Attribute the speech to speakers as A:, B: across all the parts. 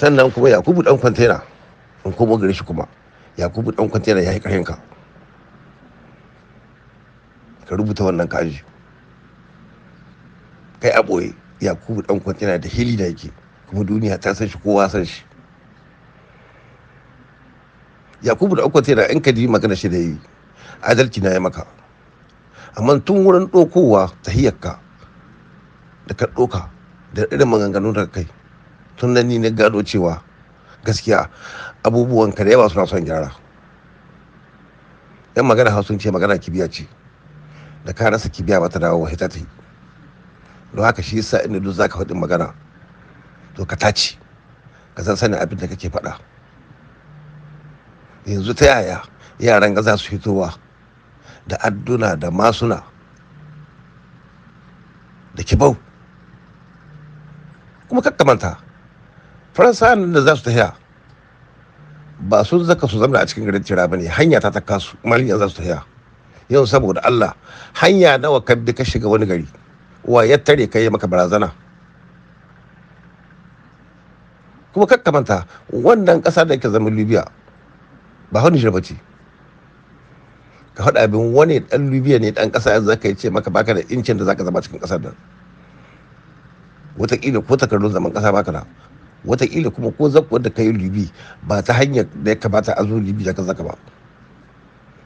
A: sannan kuma yakubu dan kwantena in komo gare shi kuma yakubu dan kwantena ya yi ƙarfin ka ka rubuta wannan kaji kai a ɓoye yakubu dan kwantena da hili da yake kuma duniya ta san shi kowa san shi yakubu da akwai tana in ka ji magana shi da yi adalci na ya maka amma tun wurin ɗaukowa ka da ka ɗoka da irin maganganu da kai tun da ni na gado cewa gaskiya abubuwan da yawa suna son gyara yan magana hausun ce magana kibiya ce da ka rasa kibiya ba ta dawo wa ta yi don haka shi yasa inda duk zaka faɗin magana to ka tace ka san sanin abin da kake faɗa yanzu ta yaya yaran gaza su fitowa da adduna da masuna da kibau kuma kakkamanta faransa da za su tafiya ba su zaka su zama a cikin garin tira ba ne hanya ta ta kasu maliyan za su tafiya yau saboda allah hanya nawa ka bi ka shiga wani gari wa ya tare ka yi maka barazana kuma kakkamanta wannan ƙasa da yake zama libya ba hannun shirba ce ka haɗa abin wani ɗan libya ne ɗan ƙasa yanzu zaka yi ce maka baka da incin da zaka zama cikin ƙasar nan wataƙila ko takardun zaman ƙasa baka da watakila kuma ko zakuwar da ka yi libi ba ta hanyar da ya kamata a zo libi da ka zaka ba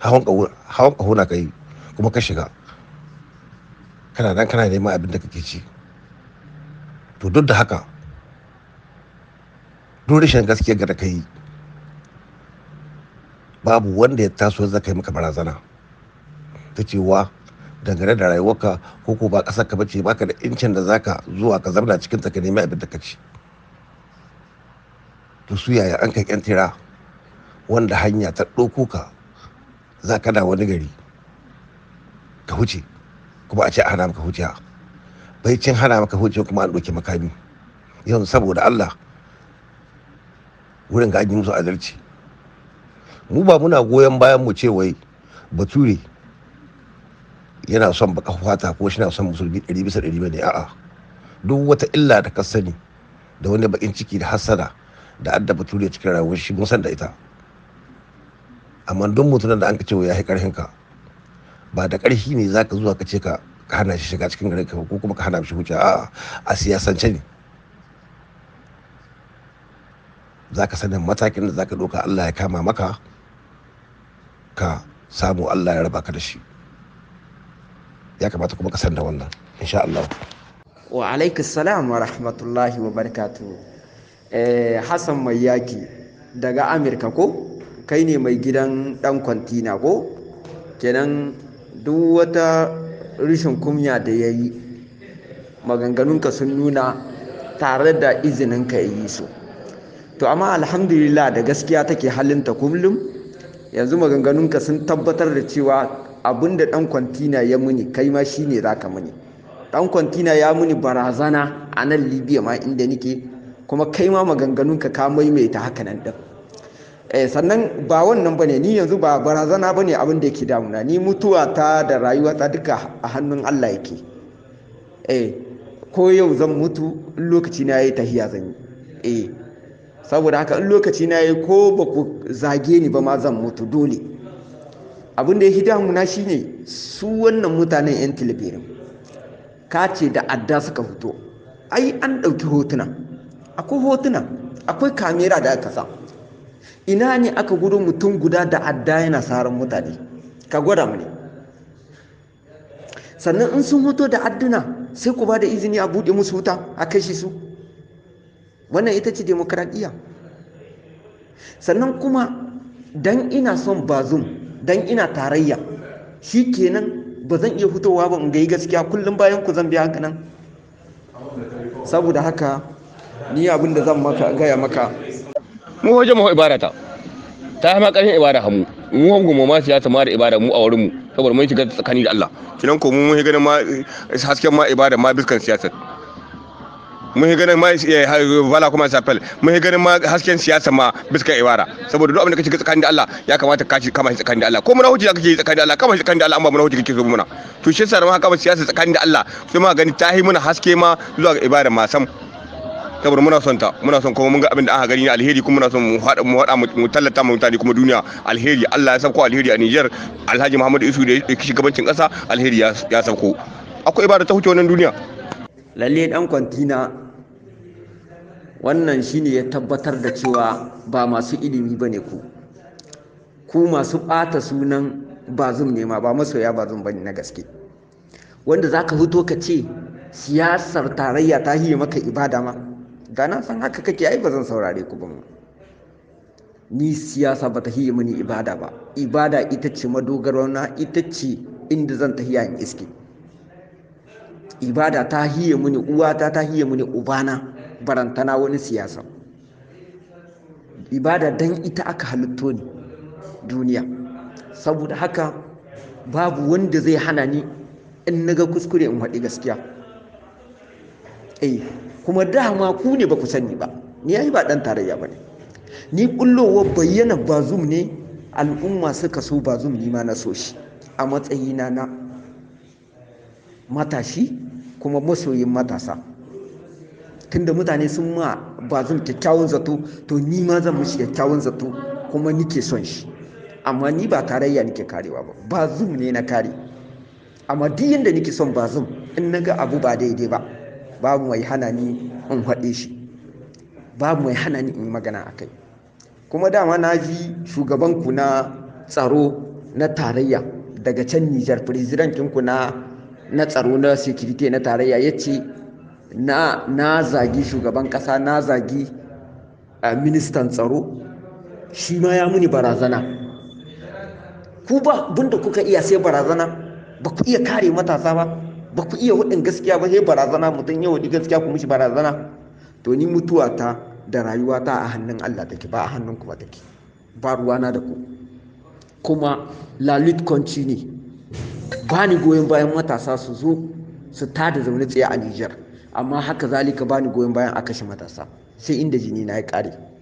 A: hawan kahona ka yi kuma ka shiga kana nan kana neman abin da kake ci to duk da haka duk rashin gaskiya ga da ka yi babu wanda ya taso zai yi maka barazana ta cewa dangane da rayuwarka ko ko ba ƙasar ka bace baka da incin da zaka zuwa ka zamna cikin ta ka nemi abin da ka ci to su yaya an kai tira wanda hanya ta ɗauko ka za ka na wani gari ka huce kuma a ce a hana maka huciya bai cin hana maka huce kuma an ɗauki makami yanzu saboda Allah wurin ga musu adalci mu ba muna goyon bayan mu ce wai bature yana son baka fata ko shi na son musulmi ɗari bisa ɗari bane a'a duk wata illa da ka sani da wani bakin ciki da hassada da adda bature cikin rayuwar shi mun san da ita amma don mutumin da an ka cewa ya yi karhin ka ba da karhi ne za ka zuwa ka ce ka hana shi shiga cikin garin ka ko kuma ka hana shi huce a a siyasance ne za sanin matakin da zaka ka ɗauka Allah ya kama maka ka samu Allah ya raba ka da shi ya kamata kuma ka
B: san da wannan insha Allah wa salam wa rahmatullahi wa barakatuh Eh, hassan mai yaki daga amurka ko kai ne mai gidan ɗan kwantina ko kenan duk wata rishin kumya da ya yi maganganunka sun nuna tare da izininka ya yi su to amma alhamdulillah da gaskiya take halinta kullum yanzu maganganunka sun tabbatar da cewa abinda ɗan kwantina ya muni kai ma shi ne za ka muni Ɗan kwantina ya muni barazana a nan libya ma inda nike kuma kai ma maganganun ka ka maimaita haka nan ɗin eh, sannan ba wannan bane ni yanzu ba barazana bane abin da yake damuna ni mutuwa ta da rayuwa ta duka a hannun Allah yake eh ko yau zan mutu in lokaci na yayi tahiya zan yi eh saboda haka in lokaci na yayi ko ba ku zage ni ba ma zan mutu dole abin da yake damuna shine su wannan mutanen yan tilibirin ka ce da adda suka fito ai an ɗauki hotuna akwai hotuna akwai kamera da aka sa ina ne aka gudu mutum guda da adda yana saran mutane ka gwada mu ne sannan in sun hoto da adduna sai ku ba da izini a buɗe musu wuta a kashe su wannan ita ce demokradiyya sannan kuma dan ina son bazum dan ina tarayya shi kenan ba zan iya hutowa ba in ga yi gaskiya kullum bayan ku zan biya haka saboda haka ni abin da zan maka gaya maka mu waje mu ibada ta ta ma karin ibada hamu
C: mu hangu mu ma siyasa ma da ibada mu a wurin mu saboda mun shiga tsakani da Allah kinan ko mun ganin ma hasken ma ibada ma biskan siyasa mun yi ganin ma vala eh, kuma sapel mun yi ganin ma hasken siyasa ma biskan ibada, saboda duk abin da kake tsakanin da Allah ya kamata ka kama shi tsakanin da Allah ko mun huji kake tsakanin da Allah kama shi tsakanin da Allah amma mun huji kake so muna to shi yasa ma kama siyasa tsakanin da Allah sai ma gani tahi muna haske ma zuwa ibada ma sam saboda muna son ta muna son kuma mun ga abin da aka gani na alheri kuma muna son mu hada mu hada mu tallata mu mutane kuma duniya alheri Allah ya sauko alheri a Niger Alhaji Muhammadu Isu da yake shugabancin kasa alheri ya sauko
B: akwai ibada ta huce wannan duniya lalle dan kwantina wannan shine ya tabbatar da cewa ba masu ilimi bane ku ku masu bata sunan bazum ne ma ba masoya bazum bane na gaske wanda zaka fito ka ce siyasar tarayya ta hiye maka ibada ma da na san haka kake ai ba zan saurare ku ba ni siyasa ba ta hiye mini ibada ba ibada ita ce madogaro na ita ce inda zan tahiya in iske ibada ta hiye mini uwata ta hiye mini ubana barantana wani siyasa ibada dan ita aka halitto ni duniya saboda haka babu wanda zai hana ni in naga kuskure in haɗi gaskiya eh kuma dama ku ne ba ku sani ba ni ya yi ba dan tarayya ba ne ni kullowar bayyana ba zum ne al'umma suka so ba zum ni ma na so shi a matsayina na matashi kuma masoyin matasa tunda mutane sun ma ba zum kyakkyawan zato to ni ma zan mushi kyakkyawan zato kuma nike son shi amma ni ba tarayya nike karewa ba zum ne na kare amma duk yanda nike son ba zum, in na ga abu ba daidai ba babu mai hana ni in haɗe shi babu mai hana ni in yi magana a kai kuma dama na ji shugabanku na tsaro na tarayya daga can nijar firizidantinku na na tsaro na security na tarayya ya ce na, zagi shugaban ƙasa na zagi a ministan tsaro shi ma ya muni barazana ku ba bunda kuka iya sai barazana ba ku iya kare matasa ba ba ku iya waɗin gaskiya ba sai barazana mutum yau ji gaskiya ku mishi barazana to ni mutuwa ta da rayuwa ta a hannun Allah take ba a hannun ku ba take ba ruwana da ku kuma lalit ne ba ni goyon bayan matasa su zo su ta da zaune tsaye a Nijar amma haka zalika ba ni goyon bayan a kashe matasa sai inda jini na ya kare